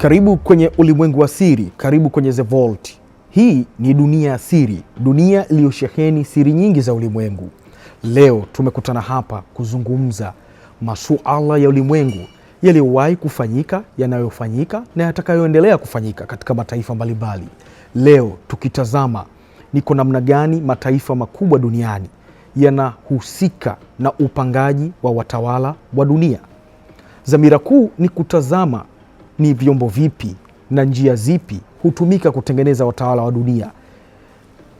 Karibu kwenye ulimwengu wa siri, karibu kwenye The Vault. Hii ni dunia ya siri, dunia iliyosheheni siri nyingi za ulimwengu. Leo tumekutana hapa kuzungumza masuala ya ulimwengu yaliyowahi kufanyika, yanayofanyika na yatakayoendelea kufanyika katika mataifa mbalimbali. Leo tukitazama ni kwa namna gani mataifa makubwa duniani yanahusika na upangaji wa watawala wa dunia. Dhamira kuu ni kutazama ni vyombo vipi na njia zipi hutumika kutengeneza watawala wa dunia,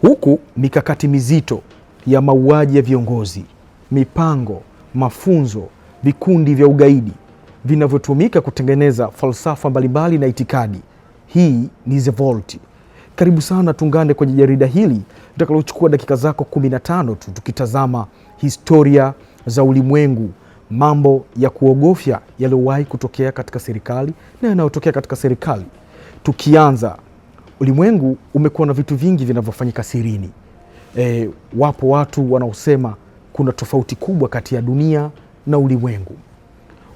huku mikakati mizito ya mauaji ya viongozi, mipango, mafunzo, vikundi vya ugaidi vinavyotumika kutengeneza falsafa mbalimbali na itikadi. Hii ni The Vault. Karibu sana, tungane kwenye jarida hili litakalochukua dakika zako 15 tu, tukitazama historia za ulimwengu mambo ya kuogofya yaliyowahi kutokea katika serikali na yanayotokea katika serikali. Tukianza, ulimwengu umekuwa na vitu vingi vinavyofanyika sirini. E, wapo watu wanaosema kuna tofauti kubwa kati ya dunia na ulimwengu.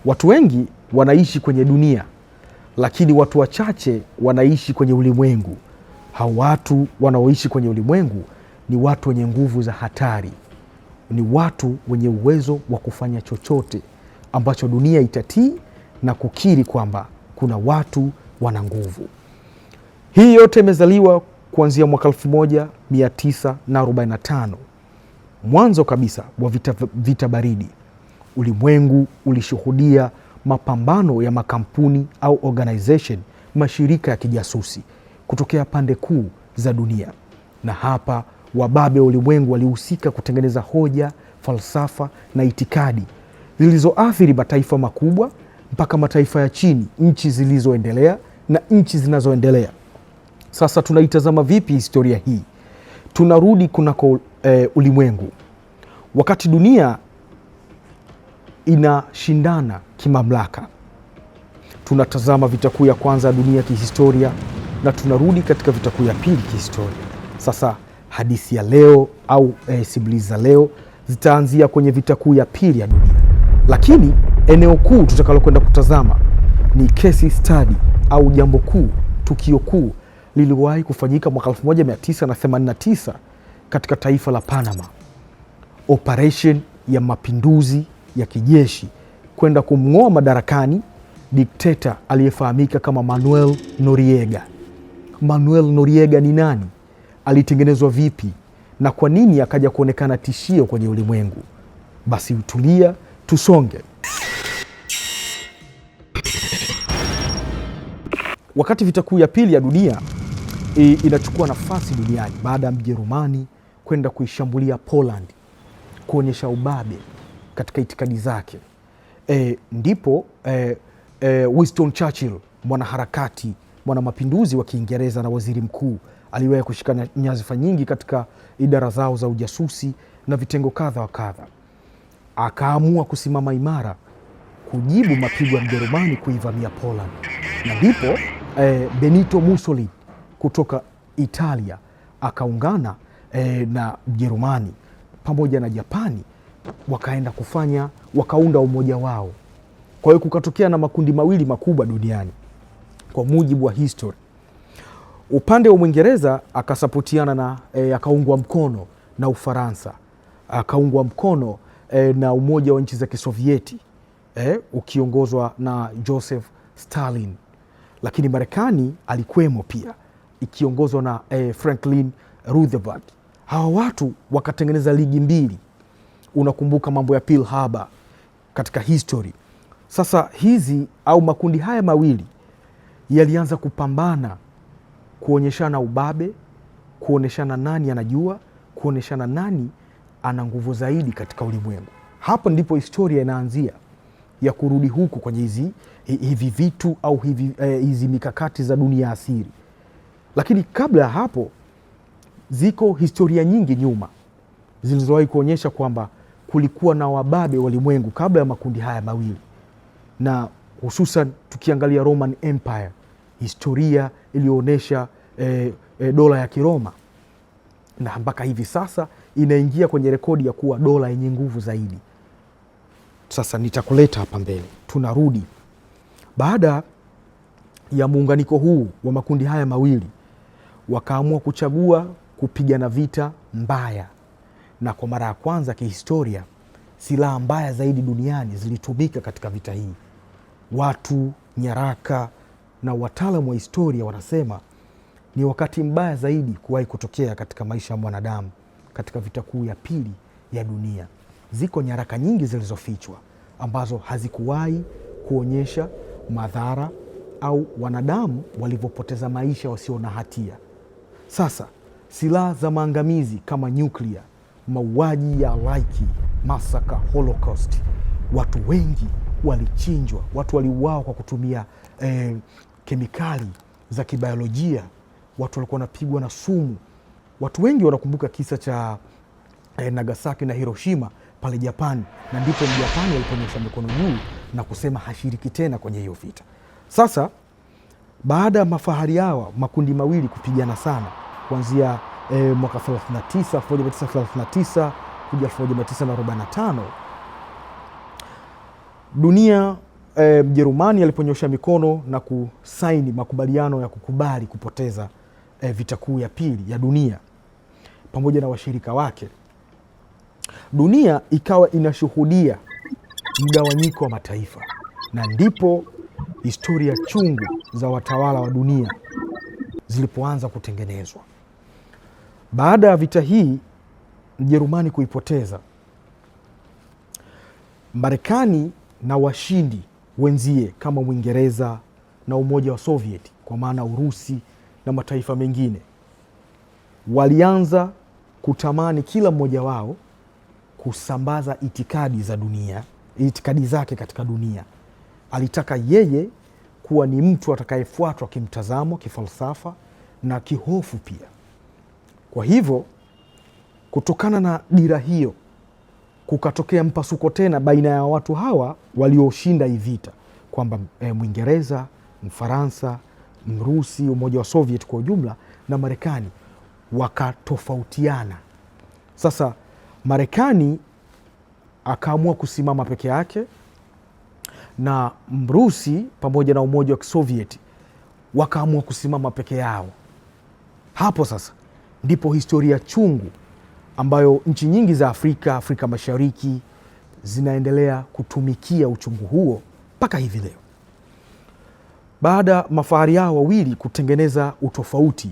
Watu wengi wanaishi kwenye dunia, lakini watu wachache wanaishi kwenye ulimwengu. Hao watu wanaoishi kwenye ulimwengu ni watu wenye nguvu za hatari ni watu wenye uwezo wa kufanya chochote ambacho dunia itatii na kukiri kwamba kuna watu wana nguvu. Hii yote imezaliwa kuanzia mwaka 1945 mwanzo kabisa wa vita, vita baridi. Ulimwengu ulishuhudia mapambano ya makampuni au organization, mashirika ya kijasusi kutokea pande kuu za dunia, na hapa wababe wa ulimwengu walihusika kutengeneza hoja, falsafa na itikadi zilizoathiri mataifa makubwa mpaka mataifa ya chini, nchi zilizoendelea na nchi zinazoendelea. Sasa tunaitazama vipi historia hii? Tunarudi kunako e, ulimwengu. Wakati dunia inashindana kimamlaka, tunatazama vita kuu ya kwanza ya dunia kihistoria, na tunarudi katika vita kuu ya pili kihistoria. Sasa hadithi ya leo au eh, simulizi za leo zitaanzia kwenye vita kuu ya pili ya dunia, lakini eneo kuu tutakalokwenda kutazama ni kesi stadi au jambo kuu, tukio kuu liliwahi kufanyika mwaka 1989 katika taifa la Panama, operation ya mapinduzi ya kijeshi kwenda kumng'oa madarakani dikteta aliyefahamika kama Manuel Noriega. Manuel Noriega ni nani? alitengenezwa vipi na kwa nini akaja kuonekana tishio kwenye ulimwengu. Basi utulia, tusonge. Wakati vita kuu ya pili ya dunia e, inachukua nafasi duniani baada ya Mjerumani kwenda kuishambulia Poland kuonyesha ubabe katika itikadi zake e, ndipo e, e, Winston Churchill mwanaharakati mwana mapinduzi wa Kiingereza na waziri mkuu aliwahi kushika nyazifa nyingi katika idara zao za ujasusi na vitengo kadha wa kadha. Akaamua kusimama imara kujibu mapigo ya Mjerumani kuivamia Poland, na ndipo eh, Benito Mussolini kutoka Italia akaungana eh, na Mjerumani pamoja na Japani wakaenda kufanya wakaunda umoja wao. Kwa hiyo kukatokea na makundi mawili makubwa duniani kwa mujibu wa history Upande wa Mwingereza akasapotiana na e, akaungwa mkono na Ufaransa, akaungwa mkono e, na Umoja wa Nchi za Kisovieti e, ukiongozwa na Joseph Stalin, lakini Marekani alikwemo pia ikiongozwa na e, Franklin Roosevelt. Hawa watu wakatengeneza ligi mbili, unakumbuka mambo ya Pearl Harbor katika history. Sasa hizi au makundi haya mawili yalianza kupambana kuonyeshana ubabe, kuonyeshana nani anajua, kuonyeshana nani ana nguvu zaidi katika ulimwengu. Hapo ndipo historia inaanzia ya kurudi huku kwenye hizi hivi vitu au hivi eh, hizi mikakati za dunia asiri Lakini kabla ya hapo ziko historia nyingi nyuma zilizowahi kuonyesha kwamba kulikuwa na wababe walimwengu kabla ya makundi haya mawili, na hususan tukiangalia Roman Empire, historia iliyoonyesha e, e, dola ya Kiroma na mpaka hivi sasa inaingia kwenye rekodi ya kuwa dola yenye nguvu zaidi. Sasa nitakuleta hapa mbele, tunarudi baada ya muunganiko huu wa makundi haya mawili, wakaamua kuchagua kupigana vita mbaya, na kwa mara ya kwanza kihistoria silaha mbaya zaidi duniani zilitumika katika vita hii, watu, nyaraka na wataalamu wa historia wanasema ni wakati mbaya zaidi kuwahi kutokea katika maisha ya mwanadamu katika vita kuu ya pili ya dunia. Ziko nyaraka nyingi zilizofichwa ambazo hazikuwahi kuonyesha madhara au wanadamu walivyopoteza maisha wasio na hatia. Sasa silaha za maangamizi kama nyuklia, mauaji ya laiki, masaka, Holocaust, watu wengi walichinjwa, watu waliuawa kwa kutumia eh, kemikali za kibiolojia, watu walikuwa wanapigwa na sumu. Watu wengi wanakumbuka kisa cha eh, Nagasaki na Hiroshima pale Japani, na ndipo Mjapani waliponyosha mikono juu na kusema hashiriki tena kwenye hiyo vita. Sasa baada ya mafahari hawa makundi mawili kupigana sana kuanzia eh, mwaka 39 1939 kuja 1945 dunia e, Mjerumani aliponyosha mikono na kusaini makubaliano ya kukubali kupoteza e, vita kuu ya pili ya dunia pamoja na washirika wake, dunia ikawa inashuhudia mgawanyiko wa mataifa, na ndipo historia chungu za watawala wa dunia zilipoanza kutengenezwa. Baada ya vita hii Mjerumani kuipoteza, Marekani na washindi wenzie kama Uingereza na Umoja wa Soviet kwa maana Urusi na mataifa mengine walianza kutamani kila mmoja wao kusambaza itikadi za dunia, itikadi zake katika dunia. Alitaka yeye kuwa ni mtu atakayefuatwa kimtazamo, kifalsafa na kihofu pia. Kwa hivyo, kutokana na dira hiyo kukatokea mpasuko tena baina ya watu hawa walioshinda hii vita kwamba e, Mwingereza, Mfaransa, Mrusi, Umoja wa Soviet kwa ujumla na Marekani wakatofautiana. Sasa Marekani akaamua kusimama peke yake na Mrusi pamoja na Umoja wa Kisovieti wakaamua kusimama peke yao. Hapo sasa ndipo historia chungu ambayo nchi nyingi za Afrika, Afrika Mashariki zinaendelea kutumikia uchungu huo mpaka hivi leo. Baada mafahari hao wawili kutengeneza utofauti,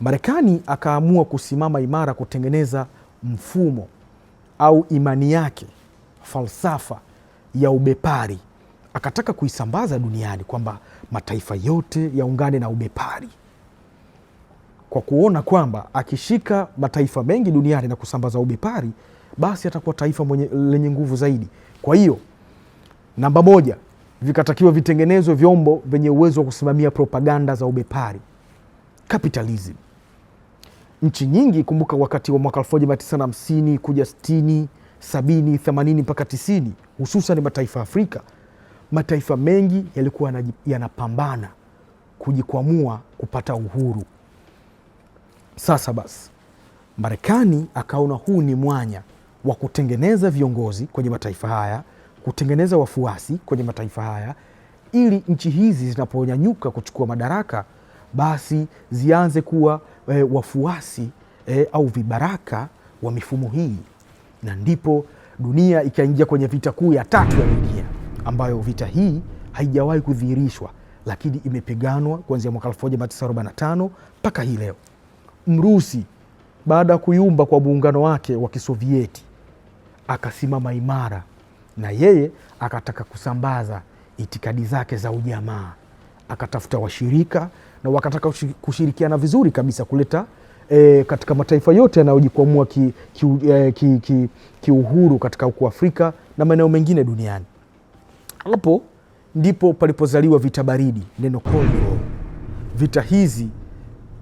Marekani akaamua kusimama imara kutengeneza mfumo au imani yake, falsafa ya ubepari, akataka kuisambaza duniani kwamba mataifa yote yaungane na ubepari kwa kuona kwamba akishika mataifa mengi duniani na kusambaza ubepari, basi atakuwa taifa mwenye, lenye nguvu zaidi. Kwa hiyo namba moja, vikatakiwa vitengenezwe vyombo vyenye uwezo wa kusimamia propaganda za ubepari capitalism. Nchi nyingi kumbuka, wakati wa mwaka 1950 kuja 60 70 80 mpaka 90, hususan mataifa Afrika, mataifa mengi yalikuwa yanapambana kujikwamua kupata uhuru. Sasa basi, Marekani akaona huu ni mwanya wa kutengeneza viongozi kwenye mataifa haya, kutengeneza wafuasi kwenye mataifa haya, ili nchi hizi zinaponyanyuka kuchukua madaraka, basi zianze kuwa e, wafuasi e, au vibaraka wa mifumo hii, na ndipo dunia ikaingia kwenye vita kuu ya tatu ya dunia, ambayo vita hii haijawahi kudhihirishwa, lakini imepiganwa kuanzia mwaka 1945 mpaka hii leo. Mrusi baada ya kuyumba kwa muungano wake wa Kisovieti akasimama imara, na yeye akataka kusambaza itikadi zake za ujamaa, akatafuta washirika na wakataka kushirikiana vizuri kabisa kuleta e, katika mataifa yote yanayojikwamua kiuhuru ki, ki, eh, ki, ki katika huku Afrika na maeneo mengine duniani. Hapo ndipo palipozaliwa vita baridi, neno Cold War. Vita hizi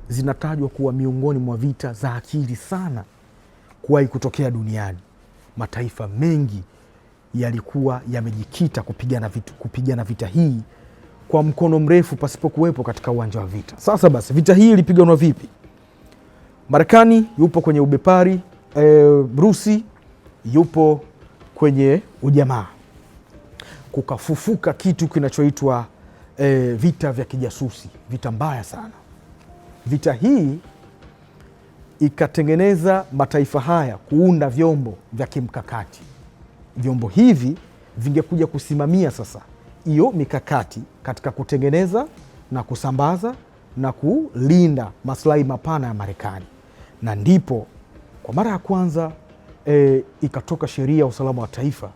zinatajwa kuwa miongoni mwa vita za akili sana kuwahi kutokea duniani. Mataifa mengi yalikuwa yamejikita kupigana vita, kupigana vita hii kwa mkono mrefu pasipokuwepo katika uwanja wa vita. Sasa basi, vita hii ilipiganwa vipi? Marekani yupo kwenye ubepari e, Rusi yupo kwenye ujamaa. Kukafufuka kitu kinachoitwa e, vita vya kijasusi, vita mbaya sana Vita hii ikatengeneza mataifa haya kuunda vyombo vya kimkakati. Vyombo hivi vingekuja kusimamia sasa hiyo mikakati katika kutengeneza na kusambaza na kulinda maslahi mapana ya Marekani, na ndipo kwa mara ya kwanza e, ikatoka sheria ya usalama wa taifa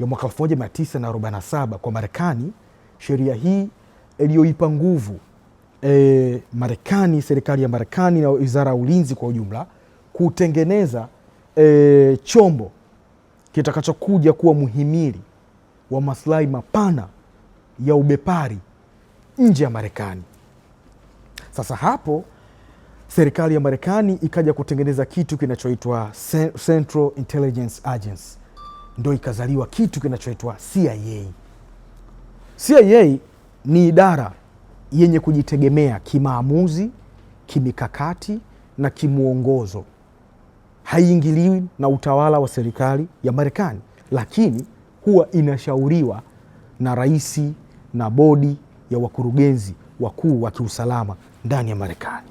ya mwaka 1947 kwa Marekani, sheria hii iliyoipa nguvu e, Marekani, serikali ya Marekani na wizara ya ulinzi kwa ujumla kutengeneza e, chombo kitakachokuja kuwa muhimili wa maslahi mapana ya ubepari nje ya Marekani. Sasa hapo serikali ya Marekani ikaja kutengeneza kitu kinachoitwa Central Intelligence Agency, ndo ikazaliwa kitu kinachoitwa CIA. CIA ni idara yenye kujitegemea kimaamuzi, kimikakati na kimwongozo Haiingiliwi na utawala wa serikali ya Marekani, lakini huwa inashauriwa na rais na bodi ya wakurugenzi wakuu wa kiusalama ndani ya Marekani.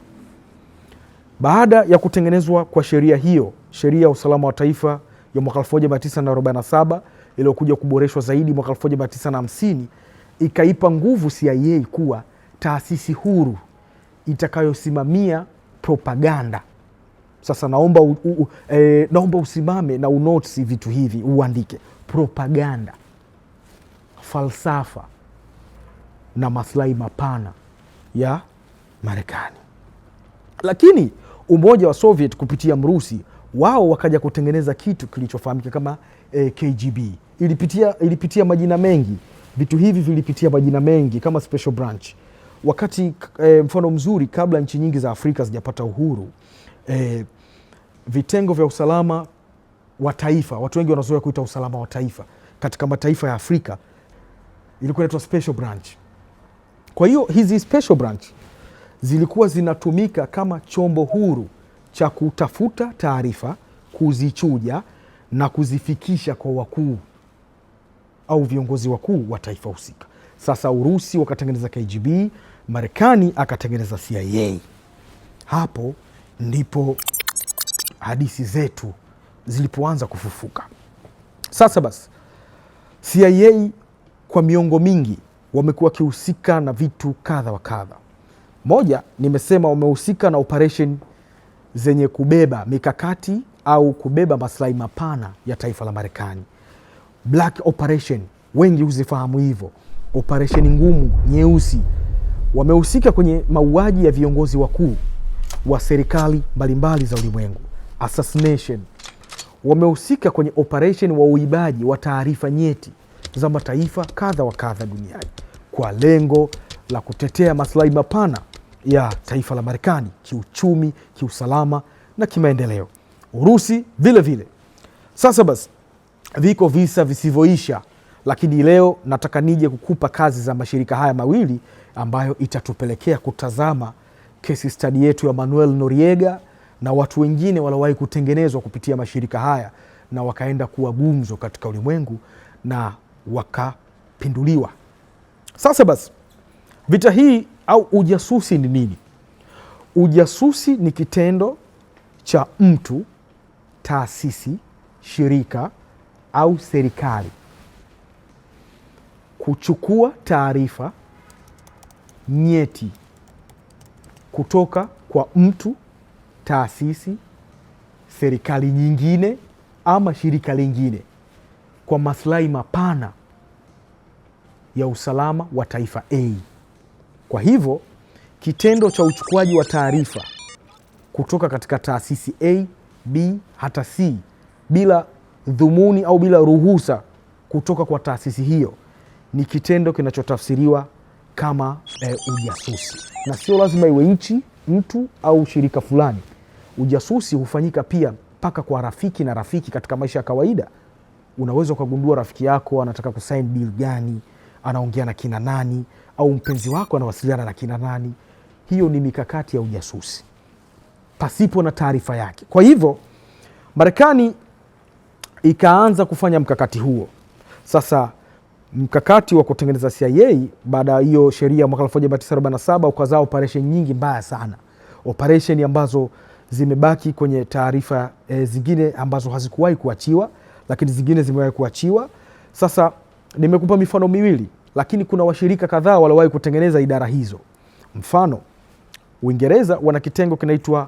Baada ya kutengenezwa kwa sheria hiyo, sheria ya usalama wa taifa ya mwaka 1947 iliyokuja kuboreshwa zaidi mwaka 1950 ikaipa nguvu CIA kuwa taasisi huru itakayosimamia propaganda. Sasa naomba, u, u, e, naomba usimame na unotsi vitu hivi, uandike propaganda, falsafa na maslahi mapana ya Marekani. Lakini Umoja wa Soviet kupitia Mrusi wao wakaja kutengeneza kitu kilichofahamika kama e, KGB. Ilipitia, ilipitia majina mengi, vitu hivi vilipitia majina mengi kama special branch wakati e, mfano mzuri kabla nchi nyingi za Afrika zijapata uhuru e, vitengo vya usalama wa taifa, watu wengi wanazoea kuita usalama wa taifa katika mataifa ya Afrika ilikuwa inaitwa special branch. Kwa hiyo hizi special branch zilikuwa zinatumika kama chombo huru cha kutafuta taarifa, kuzichuja na kuzifikisha kwa wakuu au viongozi wakuu wa taifa husika. Sasa Urusi wakatengeneza KGB, Marekani akatengeneza CIA. Hapo ndipo hadithi zetu zilipoanza kufufuka. Sasa basi, CIA kwa miongo mingi wamekuwa wakihusika na vitu kadha wa kadha. Moja, nimesema wamehusika na operation zenye kubeba mikakati au kubeba maslahi mapana ya taifa la Marekani. Black operation wengi huzifahamu hivyo operesheni ngumu nyeusi, wamehusika kwenye mauaji ya viongozi wakuu wa serikali mbalimbali za ulimwengu, assassination. Wamehusika kwenye operesheni wa uibaji wa taarifa nyeti za mataifa kadha wa kadha duniani kwa lengo la kutetea maslahi mapana ya taifa la Marekani kiuchumi, kiusalama na kimaendeleo. Urusi vile vile. Sasa basi, viko visa visivyoisha lakini leo nataka nije kukupa kazi za mashirika haya mawili ambayo itatupelekea kutazama kesi stadi yetu ya Manuel Noriega na watu wengine waliowahi kutengenezwa kupitia mashirika haya na wakaenda kuwa gumzo katika ulimwengu na wakapinduliwa. Sasa basi, vita hii au ujasusi ni nini? Ujasusi ni kitendo cha mtu, taasisi, shirika au serikali kuchukua taarifa nyeti kutoka kwa mtu, taasisi, serikali nyingine ama shirika lingine kwa maslahi mapana ya usalama wa taifa A. Kwa hivyo, kitendo cha uchukuaji wa taarifa kutoka katika taasisi A, B hata C bila dhumuni au bila ruhusa kutoka kwa taasisi hiyo ni kitendo kinachotafsiriwa kama e, ujasusi, na sio lazima iwe nchi, mtu au shirika fulani. Ujasusi hufanyika pia mpaka kwa rafiki na rafiki katika maisha ya kawaida. Unaweza ukagundua rafiki yako anataka kusain deal gani, anaongea na kina nani, au mpenzi wako anawasiliana na kina nani. Hiyo ni mikakati ya ujasusi pasipo na taarifa yake. Kwa hivyo Marekani ikaanza kufanya mkakati huo sasa mkakati wa kutengeneza CIA baada ya hiyo sheria mwaka 1947 ukazaa operesheni nyingi mbaya sana, operesheni ambazo zimebaki kwenye taarifa e, zingine ambazo hazikuwahi kuachiwa, lakini zingine zimewahi kuachiwa. Sasa nimekupa mifano miwili, lakini kuna washirika kadhaa waliowahi kutengeneza idara hizo. Mfano, Uingereza wana kitengo kinaitwa